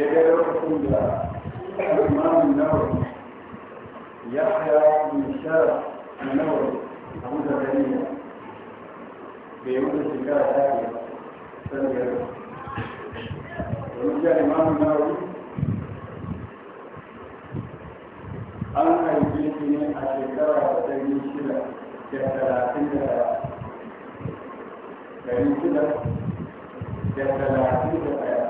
ya ga lokacin da imamun nawawi ya haya min shara na nawawi a mutar ganiya bai wuce shekara ta ke san gari domin ya imamun nawawi an haife shi ne a shekara ta ɗari shida da talatin da ɗari shida da talatin da ɗaya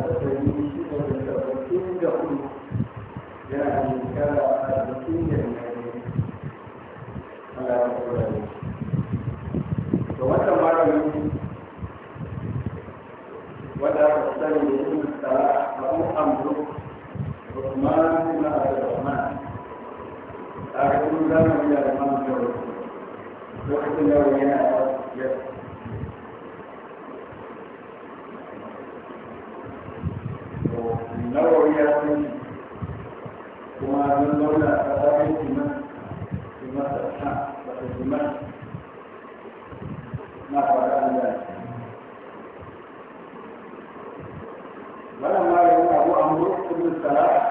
الرحمن إلى الرحمن أعلم لنا إلى الرحمن الرحيم وقت لو ينأى النووي يأتي وما من دولة أتاكي في مصر الشام وفي دمشق نحو أن ذلك ولما يقول أبو عمرو بن السلام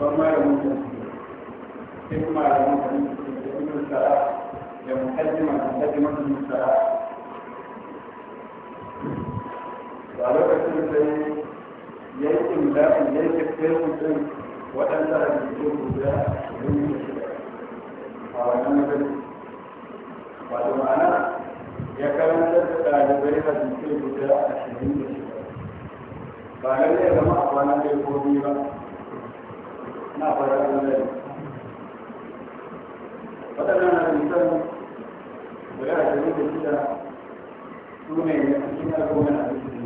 babban malamin da sai kuma malamin da suke da ibn sara da mukaddima da mukaddima da musara a lokacin sai yankin lafin yankin facebook din waɗanda da ke guda ashirin da shida a wannan majalisa wato ma'ana ya karantar da ɗalibai da suke guda ashirin da shida ba lallai zama a kwanan da ya ba na fara ɗan rai waɗannan hadisan da shida su ne na cikin al'ummar hadisi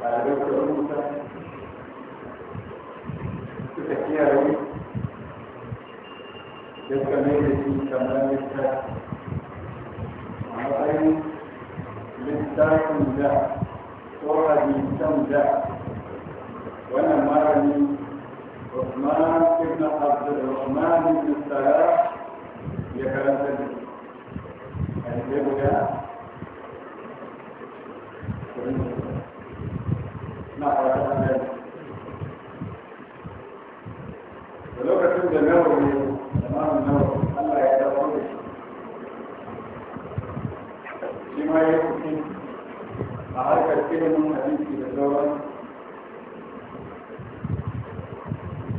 ba da ɗaukar rubuta suka kiyaye da suka mai da shi kamar littafi amma ainihin littafin da ko hadisan da wannan magani Usman ibn Abdul Rahman ibn Salah ya karanta da a cikin guda na fata an gani da lokacin da nawawi zamanin na Allah ya dawo da shi shi ma ya kuɗi a harkar ilimin hadisi da sauransu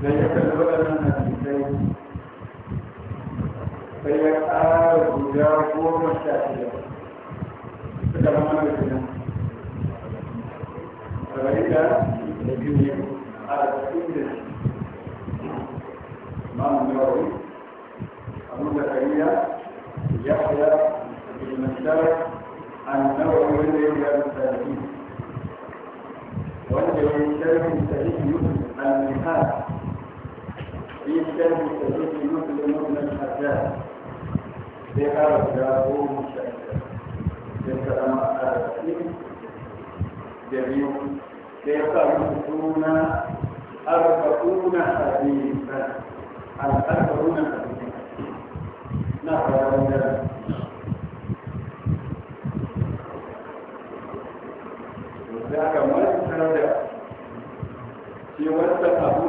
da ya kalli waɗannan hadisai sai ya ƙara guda goma sha shida suka zama da gina sabari da da biyu a cikin da shi mamun yawon abu da kariya ya fiya ilmantar annawa wanda ya yi yawon tarihi wanda ya yi sharhin tarihi yusuf al-mihar في شرح صحيح مسلم بن الحجاج بأرجاه مشكل بالكلام الأرسل جميع سيخرجون أربعون حديثا عن أربعون حديثا نحو ذلك وذاك ما يتحدث في وسط أبو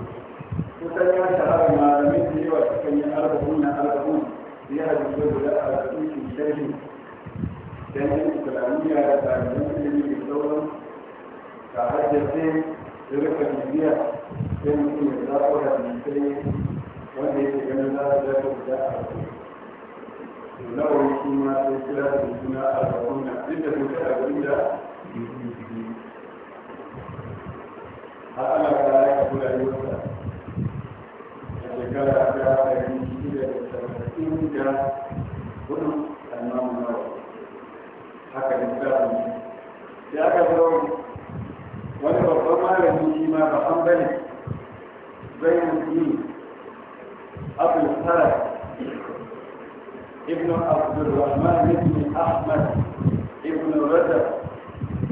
kusan ya shahara malamai da yawa cikin yin arba'un na arba'un da ya hajji da guda a rasulukin sharhi don yin islamiyya da tarihin ilimi da sauran ka hajjace da rika bibiya sai mutum ya zaɓo da mutum wanda yake ganin za a zaɓo guda a rasulukin lawai shi ma sai kira da suna arba'un na duk da kuka a gurin da har ana kara ya kula yi wata shekara ta ɗari shida da talatin da hudu annabi nawa haka da tsarin ya ka zo wani babban malami shi ma ba an bane zainuddin abul faraj ابن عبد الرحمن بن احمد ابن رجب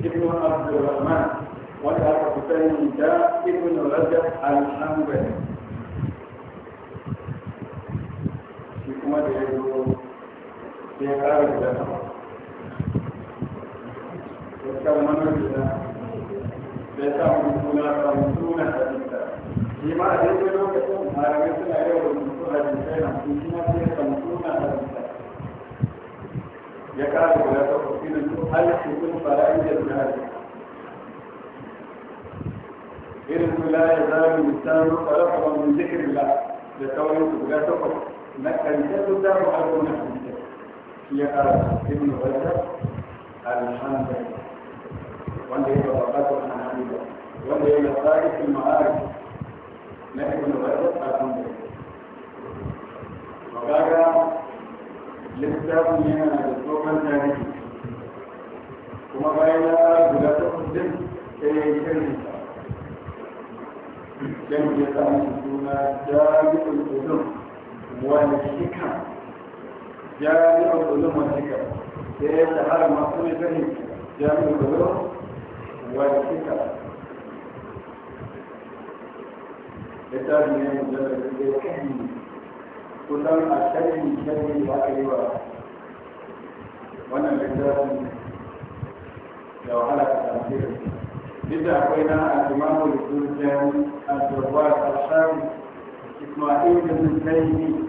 ابن عبد الرحمن ولا تقتني ابن رجب الحنبلي shi kuma da ya zo ya kara da ya kan wannan da ya sa suna kan suna hadisa shi ma a daidai lokacin malamai suna yau da mutu na su shi ma sai kan suna hadisa ya kara da ta kwafinan duk halittu sun fara inda su hadisa irin la ya zami misalin rukwa rukwa min zikirin la da sauransu guda takwas نكلت دار حرب نكلت هي ابن رجب الحنبلي وانده يتوقعته عن حنبلي وانده يتوقعه في المعارف ما ابن رجب الحنبلي وقال لسه من الدكتور الثاني kuma bayan ya بلا تقدم ta kudin sai ya yi shirin والحكم جامع العلوم والحكم ليس هذا مقصود فهم جامع العلوم والحكم لتابع من مجرد الفهم كلام الشرع الشرعي وأيوة وانا بجرد لو على تفسير إذا أقينا الإمام الجوزاني الجواد الشام إسماعيل بن زيد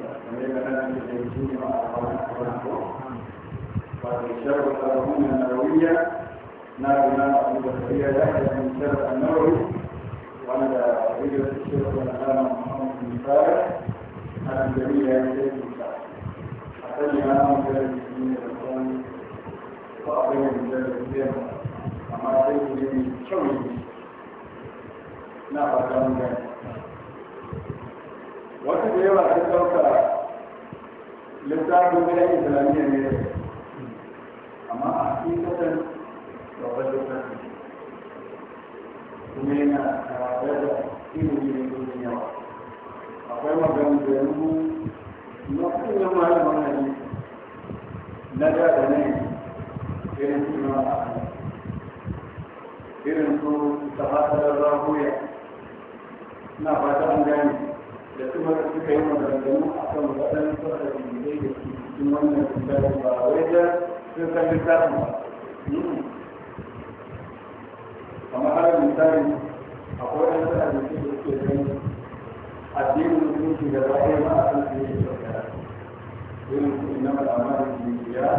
wata da yawa ta dauka littafin da ya islamiyya ne amma a hakikatan babban littafin kuma yana tare da ilimi ne domin yawa akwai maganin da maganganu na kuma malaman hadisi na da da ne irin su na irin su sahatar rahuya na fata an gani da kuma suka yi maganganu a kan cikin wannan littafi ba wai da sun san littafin ba kamar har misali akwai wani sa da suke da suke gani addinin musulunci da ba ɗaya ba a kan su yi shakara irin su ina al'amarin jijiya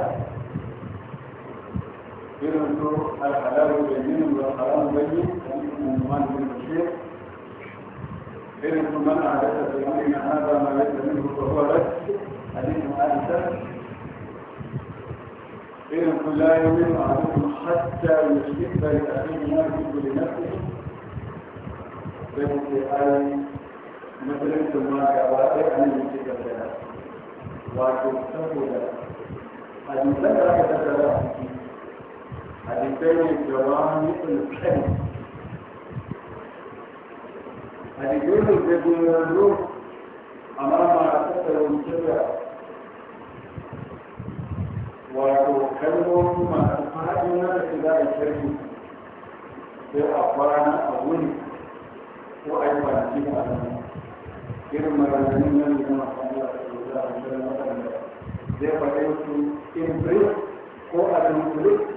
irin su al'adaru da yinin da haramun gani da mutum man bin bashir irin su man a halatta da yanayi na hada ma yadda min hukumar rasu حديث أنسى إنكم لا يؤمن أحدكم حتى يشرك بأخيه ما يحب لنفسه في آي مثل ثم كواكب أن يشرك بها وأكون سهولا حديثا لا يتسرع حديثين الجوامع الكلم حديثين الجوامع amma masu ɗauke da wato kalmomi masu faɗi na da su za a sai a kwana a wuni ko a yi kwanaki da alamu irin maganganun nan da a cikin za a zai in ko a dunkule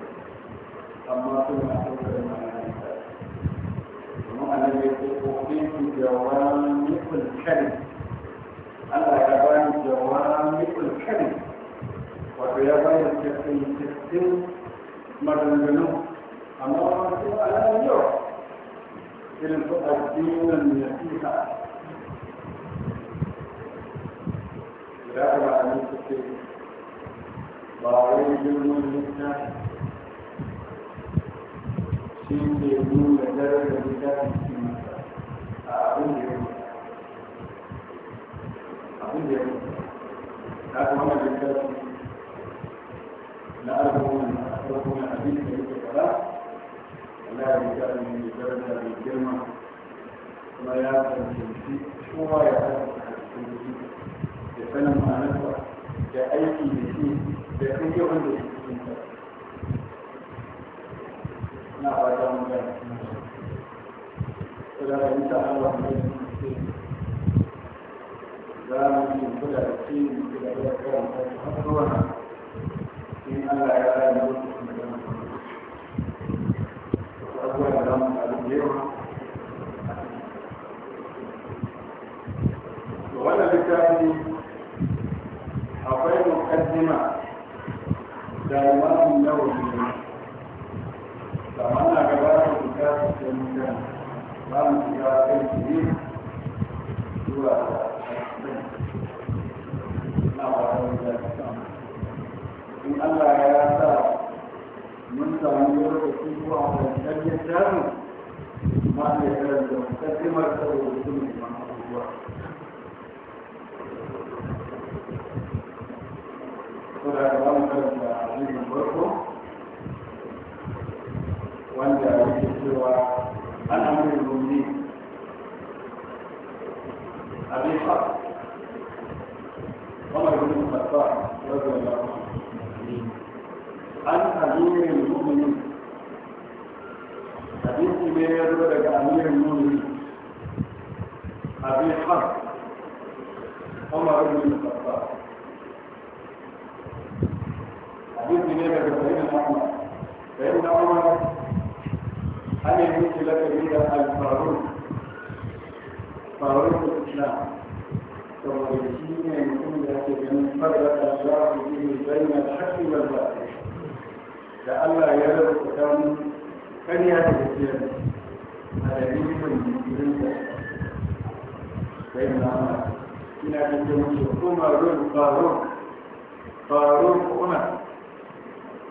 maganganu amma wasu a yau irin su da aka ba a ba shi ne nuna a abin da ya abin da ya ta kuma na ɗaukuna abin da yake fara Allah ya rika da mai daraja da girma kuma ya tsanci kowa ya tsanci a cikin shi da sanin ma'anarsa da aiki da shi da kan yawan da shi cikin sa na fata mun gani saboda in sha Allah ne za mu yi kula da cikin da ya karanta har zuwa in Allah ya raya mutu الله عليه وسلم da Allah ya raba tsakanin kariya da gaskiya a dalilin jinkirin da sai na ina da ke mutu kuma ruwan faruwa faruwa kuna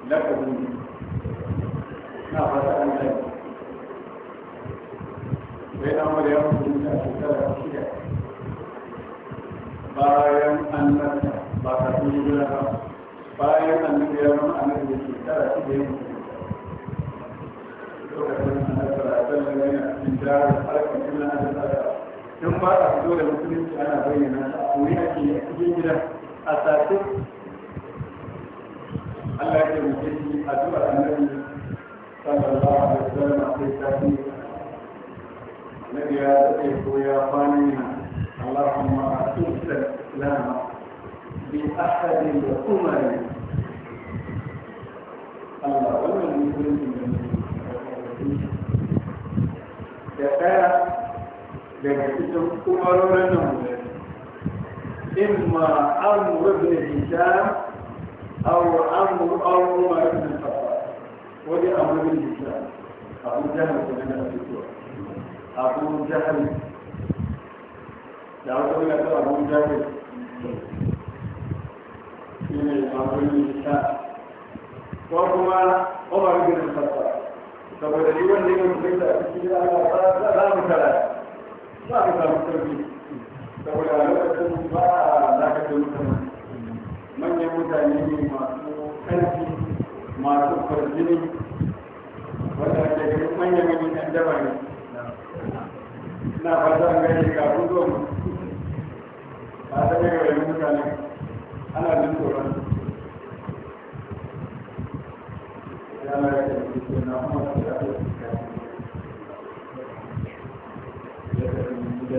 lakabin na fata an lai sai an wani ya mutu a shekara shida bayan an nasa ba ta kuma gina ba bayan annabi ya zama annabi da shekara shi da yin na tsada don ba a fito da musulunci ana bayyana ta a wuri ake a cikin gida a sace Allah ya taimake shi a duba annabi sallallahu alaihi wasallam a kai tafi annabi ya zaɓe ko ya kwana yana Allahumma a cikin Islam بأحد الأمم الله ولا يكون da ɗaya daga cikin umarorin nan guda imma amru ibn hisham aw amru aw umar ibn khattab wani amru ibn hisham abu jahal ko nan da fito abu jahal da wata wani abu jahal من الأمر ba ana jin tsoron yana da yake cikin na kuma da ya fi ya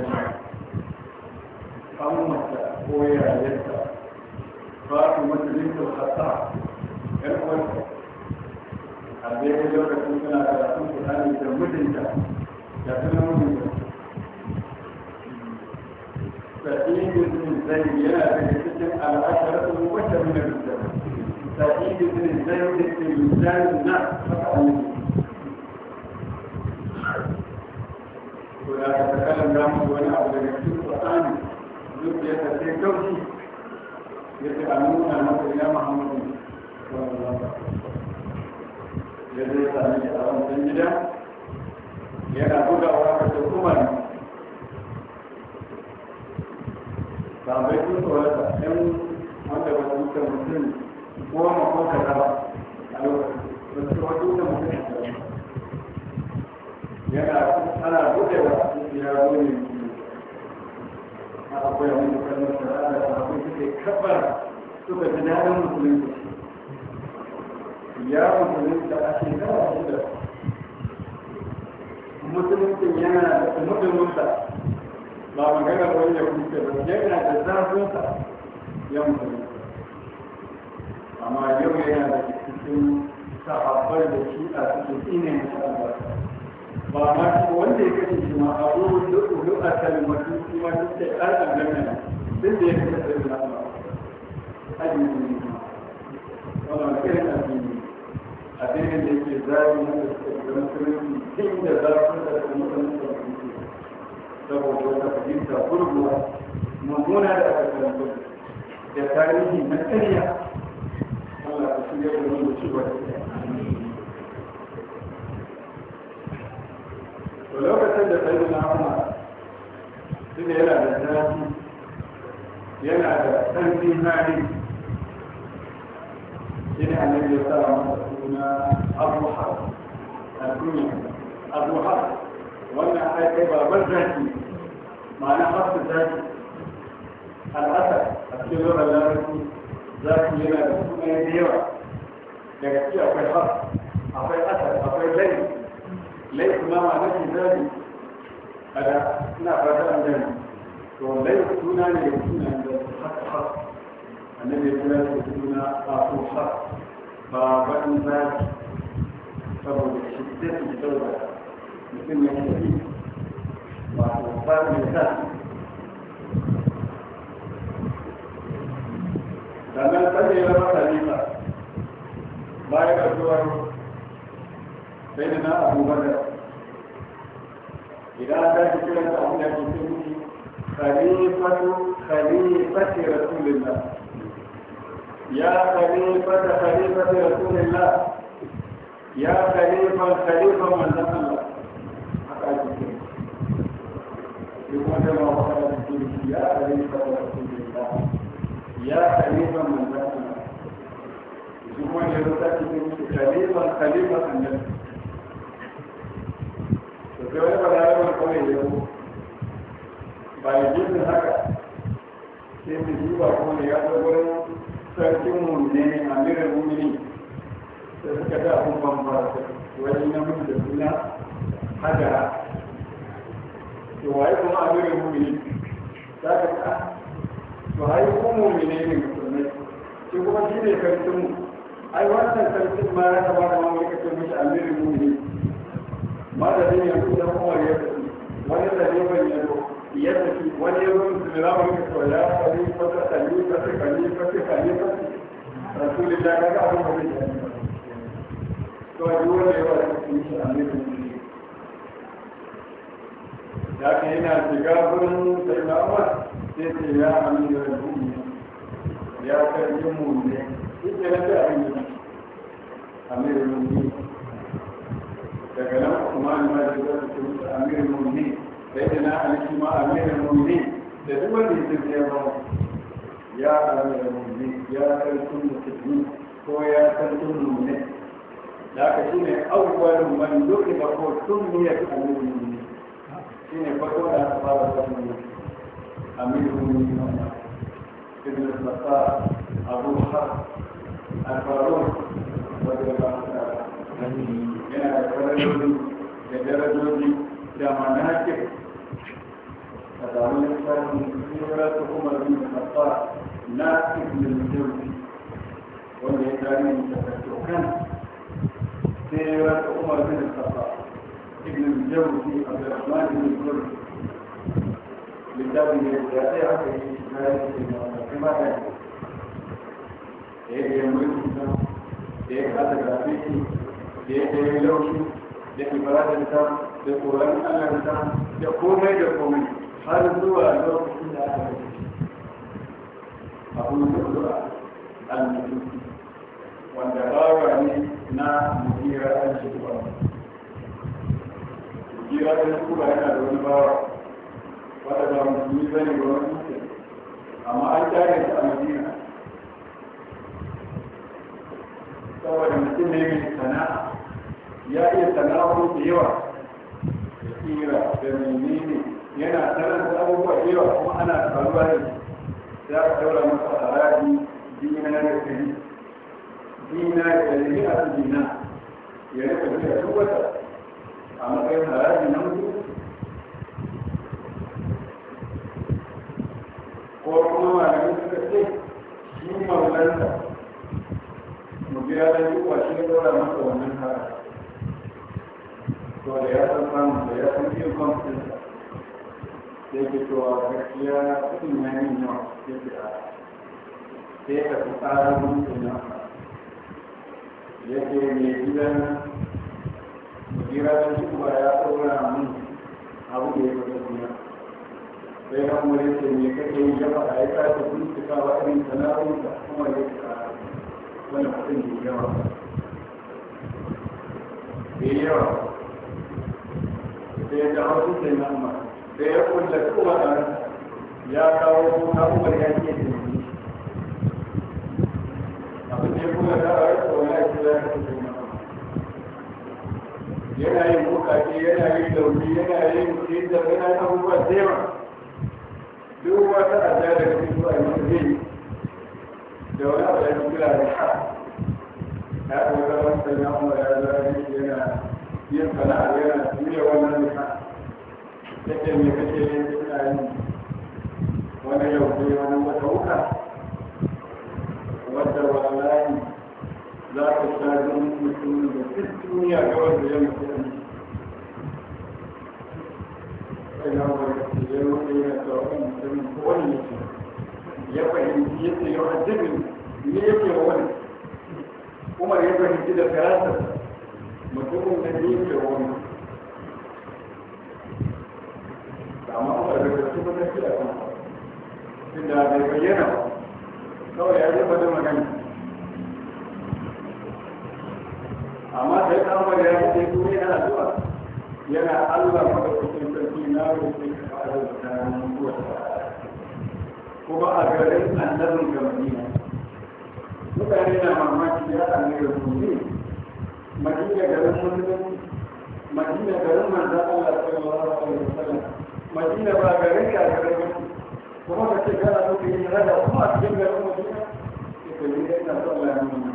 tafi an mata ko yadda. ba su mata jin tsorata yar uwarta a daidai lokacin suna karatun kuɗaɗe da mutunta da sunan mutunta سعيد بن زياد يكتب العشرة المبشرون بالجنة سعيد بن زيد في الجنة ولا تتكلم نعم ولا عبد المكتوب القرآن ذو يتسير كوشي يسألون المسجد يا محمد صلى الله عليه وسلم يدرس عليه السلام من جدا يدعو الحكومة sabai sun tsorata ɗan wanda ba su wuce mutum ma ko ka a lokacin ba su wuce mutum yana ana buɗe ba ya zo ne a akwai wani kallon sana'a da akwai suke kabar suka ji daɗin musulunci ya musulunci a shekara shida musulunci yana da mutumunsa ba magana wani ya kuce ba yana da zafinsa amma yau yana da cikin sahabbar da shi a cikin ina masu albarka ba ma shi wanda ya kashe shi ma abu da ulu a kalmatu shi ma duk da ƙar duk da ya kashe sai na ba addini ne ma wannan irin addini addinin da yake zaɓi na da suka zama kirki da zafin da kuma mutum saboda wata fahimta gurguwa mummuna da aka karanta da tarihi na ƙarya Allah ka shirya da mu ci gaba to lokacin da sai na Umar tunda yana da zafi yana da sanfi hali shine annabi ya sa masa suna Abu Har al-Kunya Abu Har wannan ai kai baban zaki ma'ana harsu zaki al'asar a cikin za larabci yi yana da suna yi yawa daga ciki akwai har akwai asar akwai lai lai kuma ma'ana shi zaki a da suna fata an jami to lai suna ne da suna da haka har annabi ya suna da suna a ko har ba baɗin zaki saboda shi zai fi mutum ya shi wato sa sannan tsaye na masarifa bayan ƙarfiwar sai da na abubakar idan an tashi kiran da abin da ke ce miki khalifatu khalifati rasulillah ya khalifata khalifati rasulillah ya khalifan khalifan manzon Allah كما وصل بكل يا خليفة رسول الله يا خليفة من ذاتنا يسمون يرتكب خليفة خليفة النبي وكما يقول هذا القول اليوم بعد جزء هكذا sai su duba kuma ya zo wurin sarkin mu ne amirin mumini da suka da abun bambara wani namiji da suna hajara ke waye kuma a gare mu za ta ai kuma shi ne karshen mu ai wannan karshen ma ya kamata ma mu rika mishi amirin mu ma da zai yanzu da kuma ya tafi wani da ne ban yanzu ya tafi wani ya zo musulmi za mu rika ya fari fasa kalli fasa kalli fasa kalli fasa rasulullah kaga abin da zai yi to a yi wani yawa da kuma shi amirin mu ne da aka yana shiga wurin sai na amur sai ce ya amina da mu'mini ya karbi mu'mini ita na ta amina amina da mu'mini daga nan kuma ni ma shiga da su ce musu amina da mu'mini sai da na aliki ma amina da mu'mini da duk wanda ya ce ya ba ya amina da mu'mini ya karbi mu'mini ko ya karbi mu'mini da aka shi ne awwalin man da ko sun ne ya karbi mu'mini shi ne farko da aka fara sani amiru ne na ibn fasa abu har alfarun wadda ba ta yana da kwararrori da darajoji da manakin a zamun lissafin tsibirar su kuma bin fasa na ibn al wanda ya tarihi da kan tsibirar su kuma bin fasa ibn al-jawzi abdurrahman ibn al-jawzi littafin da ya tsaya aka yi shi na yi shi na da ya yi mulki na da ya kasa grafiti da ya yi laushi da ibaradinta da tsoron allanta da komai da komai har zuwa lokacin da yi zuwa wanda ne na mutira al ya kura kuba yana da wani bawa wanda ba musulmi ba ne ba wani musulmi amma an tare ta a madina saboda mutum ne mai sana'a ya iya sana'o da yawa tsira da menene yana sanar da abubuwa da yawa kuma ana faruwa da za a daura masa haraji dina da ɗari dina da ɗari a dina ya rika biya duk wata a matsayin haraji na mutu ko kuma malamin suka ce shi maulansa mu biya da yi kwashi dora masa wannan haraji to da ya san samun da ya san sai ke cewa gaskiya cikin yayin yawa ya fi a sai ka fi tsarin mutu na ya ke mai gidan jira da shi ba ya tsora mun abu da ya fata duniya sai ya kuma ya ce me kake yi ya faɗa ya kasa bincika wa irin sana'o'in da kuma ya fita wani kuɗin da ba? da yawa sai ya dawo su sai na kuma sai ya kulla kowa a ya kawo kuma abubuwan ya ke da abin da ya kulla da a yi kowa ya ce ya kasance yana yin bukace yana yin dauki yana yin kinta yana yin abubuwa da yawa duk wata adda da cikin zuwa yin zai da wani abu da ya kira da ha ya ɗauka wani sanya kuma ya shi yana yin sana'a yana juya wannan da ha yake mai kake yin suna yin wani yau sai wani wata wuka wadda wallahi za ka sha ganin mutumin da duk duniya ga wanda ya mutu a sai na wani ya mutu yana da wani mutumin ko wani mutum ya fahimci ya ce yau addinin ne yake wani kuma ya fahimci da karasa mutumin da ne yake wa wani amma ba da kasu ba ta fiye a kan da bai bayyana kawai ya zama da magana amma da ya kama da ya ce kuma yana zuwa yana Allah maka kuma sarki na roƙe ka fara da tsarin mutuwa kuma a garin annabin ga Madina mutane na mamaki ya annabi mutum Madina garin musulunci Madina garin manzon Allah sallallahu alaihi wasallam Madina ba garin ka garin kuma ka ce kana so ka yi rada kuma a cikin garin Madina ke ne ka sallallahu alaihi wasallam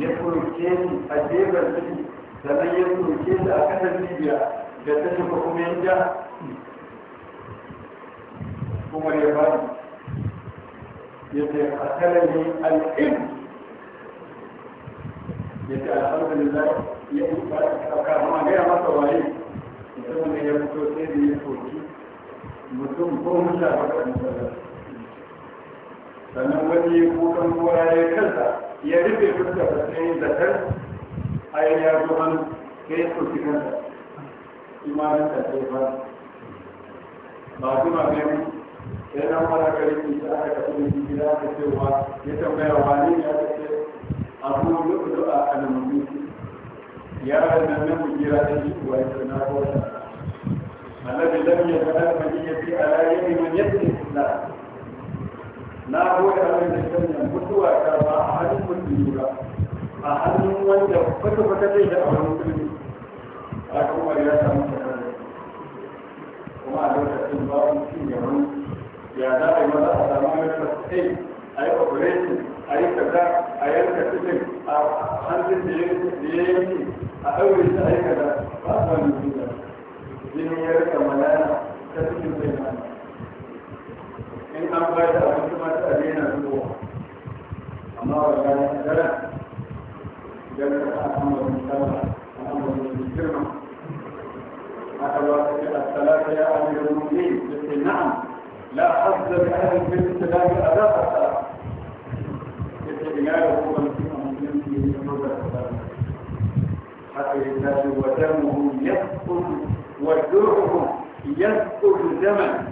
ya kurce ni a jebar ciki sannan ya kurce ni a kasar libya da ta shafa kuma yin ja kuma ya bani ya ce a kalami al'im ya ce alhamdulillah ya yi ba a kama gaya masa waye mutum ne ya fito sai da ya soki mutum ko mutane a kan sannan wani kukan kowa ya kansa ya rufe fuskar da sai zakar a yi ya zo hannu sai ya soki kanta imanin da ke ba ba su ma gani sai nan fara gari ki ta aka tafi da jiki da aka cewa ya tambaya wani ne aka ce abu lu'ulu a alamu yaran nan na mujira da shi kuwa ya tsana ko ta annabi lam yaqal man yati ala yadi man yati Allah na goya mai da sanya mutuwa ta ba a hannun mutum ba a hannun wanda kwata-kwata zai da auren mutum a kuma ya samu sanar kuma a lokacin ba mu cin yaman ya za a yi maza a samu yadda kai a yi operation a yi kaza a yanka cikin a hannun da ya yanki a aure shi a yi kaza ba su wani jini jini ya rika malana ta cikin zai mana in an ba da abinci ma ta ne yana zuwa amma wa ga ya dara idan ka ta amma wani sallah amma wani girma haka ba ta ce as-salatu ya amirul mu'minin sai na'am لا حظ لأهل في السلام أداء السلام يتبعاه هو المسلم في حدود السلام حتى يزداد ودمهم يسقط ودرعهم يسقط دما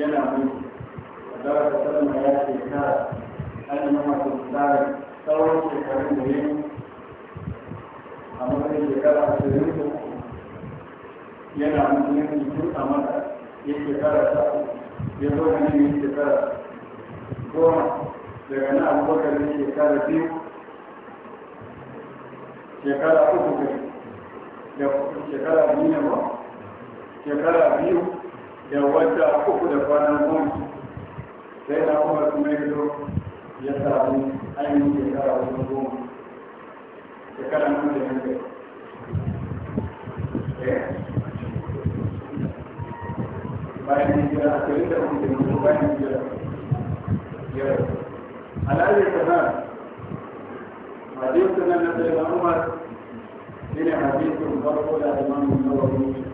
yana mutu da za ka sanar da ya shekara an yi masu tsarin tsawon shekarun da yin a matsayin shekara a ashirin da yana musulunci tun a mata ya shekara ta ya zo da ne ya shekara goma daga na abubakar ya shekara biyu shekara uku da shekara biyu ne ba shekara biyu da wata uku da kwanan goma sai na kuma kuma yanzu ya samu ainihin shekara wajen goma shekara nan da yanzu eh. bayan hijira a cikin da kuma yanzu bayan hijira ya rasu alaƙar sanar hadisun nan na tsaye umar shi ne hadisun farko da alimamin nawawi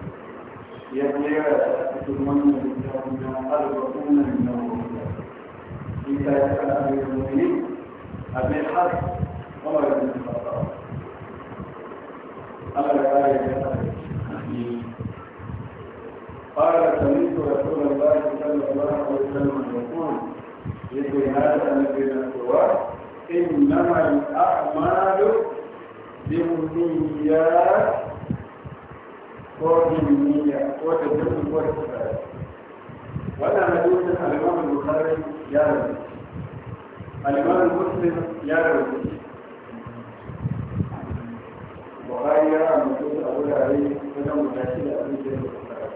ya jera ثمن بكرنا أربعون من الرسل إذا كان أمير المؤمنين أبي الحق عمر بن الخطاب قال سمعت رسول الله صلى الله عليه وسلم يقول يقول بين القوى إنما الأعمال بالنيات ko ilmiya ko da dukkan ko da tsari wannan hadisin al-Imam al ya rawaita al-Imam ya rawaita Bukhari ya rawaita a wurare wajen mutashi da abin da ya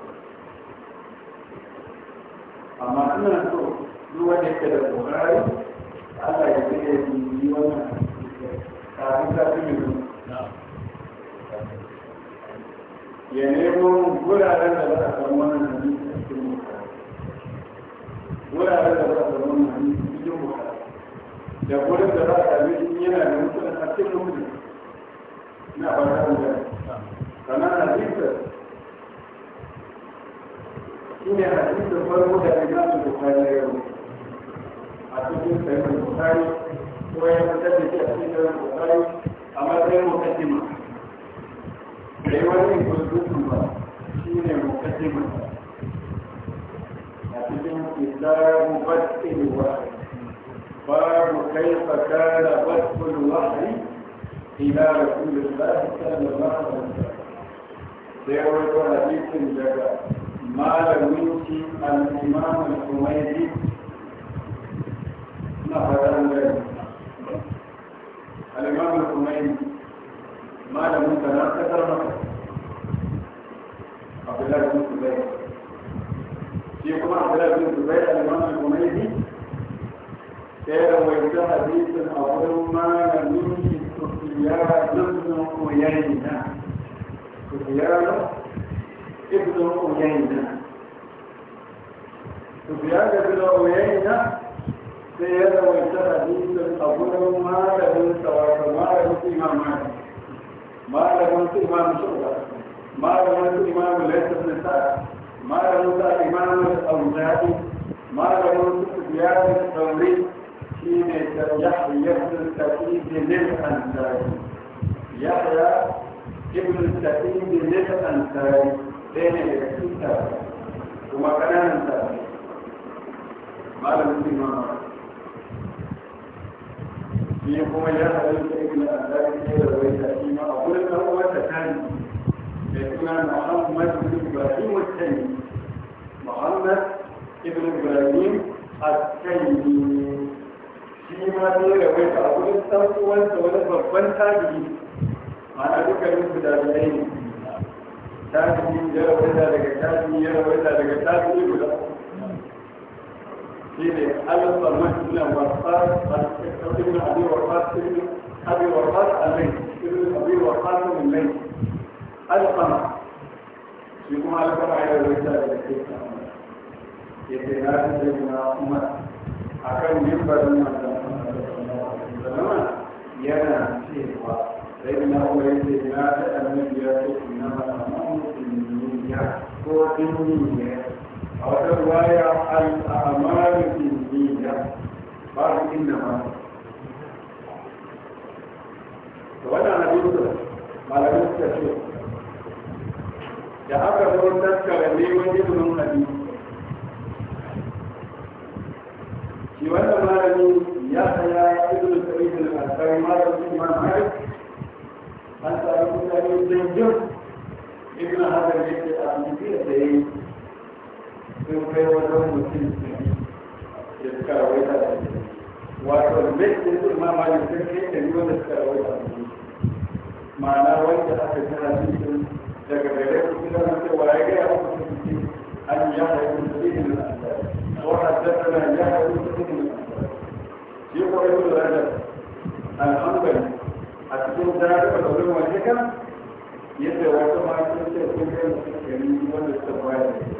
amma ina so duk wanda yake da Bukhari Allah ya tsaya yi wannan kafin kafin yanzu ya nemo wuraren da za a samu wannan hadisi a cikin bukari wuraren da za a samu wannan hadisi a cikin bukari da wurin da za a sami shi yana da mutum a cikin mutum na ba ta da sannan hadisi shi ne hadisi farko da imamu bukari ya rubuta a cikin sayin bukari ko ya fitar da shi a cikin bukari a matsayin mukaddima da yi wani gudun ba shi ne babu kaifa da ya wato daga malamin shi al malamin ka na kasar maka abdullahi bin zubair shi kuma abdullahi bin zubair alimamin kumaiti sai rawaita hadisin a wurin malamin shi sufiyar ibn uyayna sufiyar sai ya rawaita hadisin a wurin malamin malamin su imamu shuka malamin su imamu laifin nisa su imamu al-auzadi su biyarin sauri shi ne ta yahya ibn tafiz lil ansari yahya ibn tafiz lil ansari ɗaya ne daga cikin kuma su shi kuma ya halitta ibn azari ne da wai ta shi ma a wurin ɗan uwarsa tani mai suna muhammad ibn ibrahim al-tani muhammad ibn ibrahim al-tani shi ma ne da wai ta a wurin ɗan uwarsa wani babban tabi'i ma'ana dukkanin su da ne tabi'i ya rawaita daga tabi'i ya rawaita daga tabi'i guda uku شيء ألف المجنة والقاس ابن أبي وقاس ابن أبي وقاس الليل ابن أبي وقاس من الليل القمع يقوم على فرع الرسالة التي يتنادى سيدنا عمر أكن منبر من الزمان ينا سيدنا سيدنا عمر يتنادى النبي إنما الأمر في الدنيا وفي الدنيا a wata ruwaya al'amalu inniya ba su inna ma da wannan hadisin malamin suka ce da aka zo tattara neman izinin hadisi shi wannan malami ya tsaya ibn sa'id al-ansari malamin imam malik an sami mutane ne jin ibn hajar yake a cikin da yayi sun kai wajen mutum da suka rawaita da wato mai su ma ma da sun kai da yiwu suka rawaita da su ma'ana wanda aka jira cikin daga gare su suna da cewa ya gaya muku su suke an ya haifu su ne ko haddasa na ya haifu su ne na shi ko ya zo da al'amari a cikin zarafin da wani wani kan yadda wata ma sun ce sun kai da yiwu wanda suka bayar da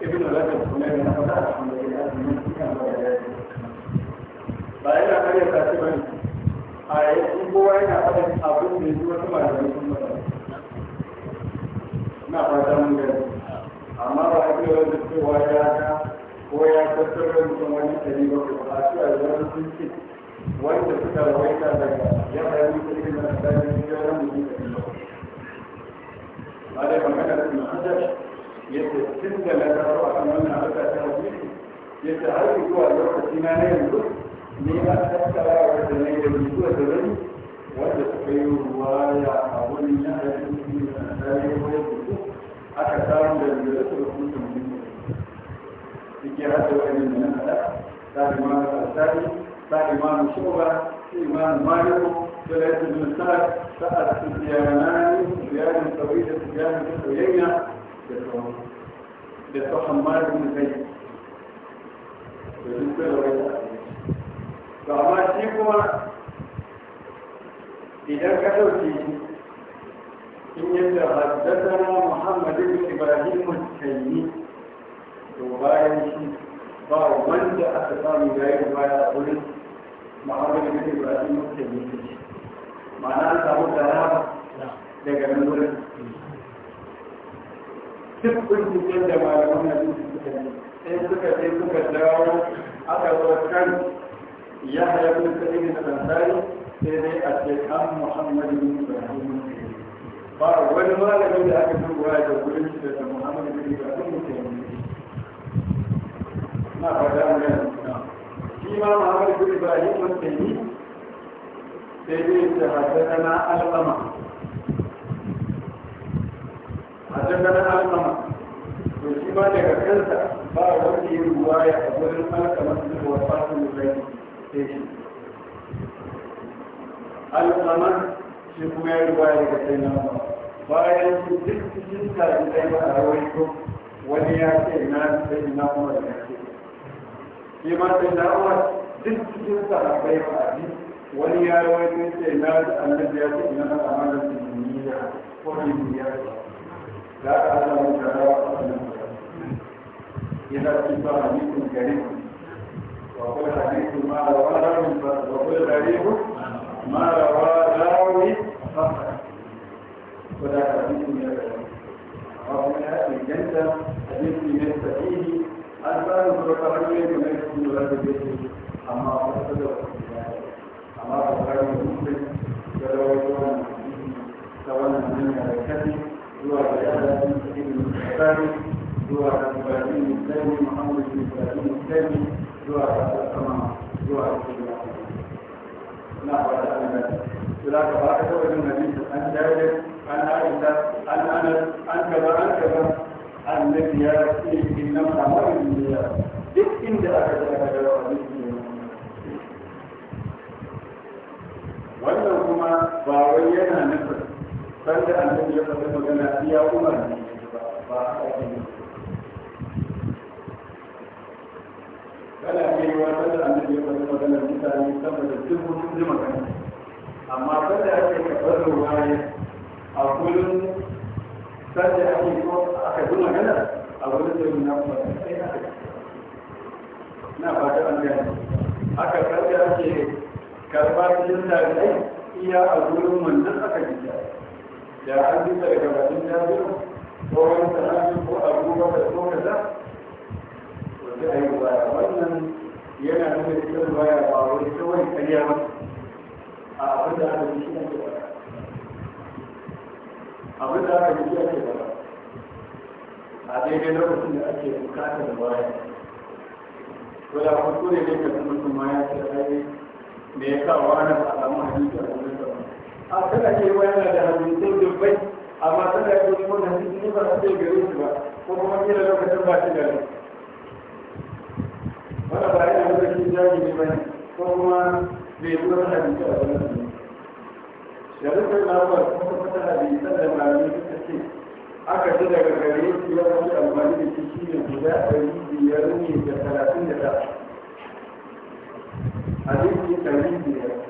ibn rajab kuma na fada a cikin da ya yi kan ba da ba yana kare ka ce bane a yayin kowa yana fada abin da yake wasu malamai sun fada na fata mun gani amma ba a kira da cewa ya ga ko ya tattara mutum wani ɗari ba ko a cewa wani sun ce wanda suka rawaita daga ya bayani ta ilimin da ya yi yaran mutum ɗari ba ba dai magana da mutum يتسلسل لك سواء من عليك تهديد يتعرف هو الوقت فيما لا يملك لما تتبع وتنيل بسوء الرجل وتتخيل الرواية أظن أنها يمكن أن تكون أكثر من الجلسة وكنت من الجهات وإن من هذا تعلمان الأسالي تعلمان الشعبة إيمان مالك ثلاثة من سنة سأل سفيانان سفيان طويلة سفيان سفيانة da su hammar bin zai da duk da wani ba ma shi kuma idan ka ɗauke in yadda haddasa Muhammad bin Ibrahim Mutayyi to bayan shi ba wanda aka samu yayi baya wurin Muhammad bin Ibrahim Mutayyi ma'ana an samu daga nan wurin duk binciken da malaman na bincike sai suka je suka dawo aka zo kan ya halabu ta ibn al-ansari sai dai a ce an muhammadu bin ibrahim ba wani malami da aka duba da gurin shi da muhammadu bin ibrahim mutum na fada mu yana shi ma muhammadu bin ibrahim mutum sai dai ta hasana al'ama A حدثنا shi وشيما daga kansa ba wanda ya ruwaya a wurin alƙama da wasu mutum sai shi alƙama shi kuma ya ruwaya daga sai na Ba bayan su duk cikin tafi sai ba a rawai ko wani ya ce na zai na kuma da ce shi ma sai na kuma duk cikin sahabbai ba a ji wani ya rawai ko sai na annabi ya ce na alƙama da su ne ya ko ne ya ce لا تعلم شرارة إذا كنت حديث كريم وقل حديث ما رواه وقل غريب ما رواه راوي فضل ولا حديث من الكلام ومن هذه الجنة حديث من فيه أنسان تتحمل من يكون ولد بيته أما فقد أما فقد مسلم فلو يكون سواء من الكذب هو الأعلى بن الحفاري هو الفاتين الثاني محمد بن الفاتين الثاني هو الأمام هو نعم ثلاثة واحدة ومن حديث عن جابر عن عائشة عن أنس عن كذا عن كذا عن نبيا إنما أمر بالنبيا duk inda aka ji aka ga wannan kuma ba wai yana nufin ban da annabi ya faɗi magana iya umar ne ba haka ke ne kana cewa ban da annabi ya faɗi magana mutane saboda duk mutum ji magana amma ban da ake karɓar ruwaye a kullum san da ake ko aka ji magana a wurin da yana kuma sai aka na fata an gani haka san da ake karɓar jin tarihi iya a gurin wannan aka yi. da an bisa daga bakin jabiru ko wani sana'a ko abubakar ko kaza wanda a yi baya wannan yana nuna cikin baya ba wani kawai karya ba a abin da aka yi shi ake abin da aka yi shi ake a daidai lokacin da ake bukatar baya wadda kuskure ne ka zama kuma ya ce ai me ya sa wani ba a samu a tana ce wa yana da hadisai dubbai amma tana ce shi wannan hadisi ne ba ta ce gare shi ba ko kuma kila lokacin ba shi da nan wanda ba yana wanda shi jami'i ba ko kuma bai yi wani hadisi a wannan ne da rufin labar kuma wata hadisan da malamai suka ce aka ji daga gare shi ya fi amfani da shi shi ne guda ɗari biyar ne da talatin da ta hadisi ɗari biyar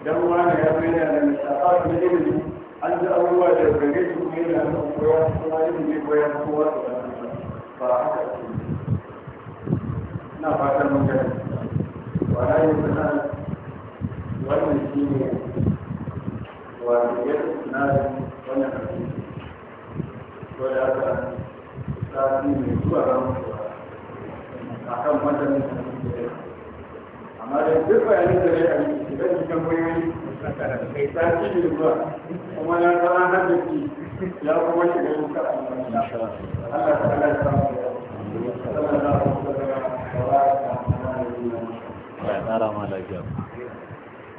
dan wani ya bayyana da misafar na ilimi an ji abubuwa da gare su ne da na koya kuma ilimi ne koya kowa da ba haka ce na fatan mun gani wala yi sana wannan shi ne wato ya na wannan hadisi ko da haka sati mai zuwa ramuwa akan wannan hadisi malam da ya kuma shiga ta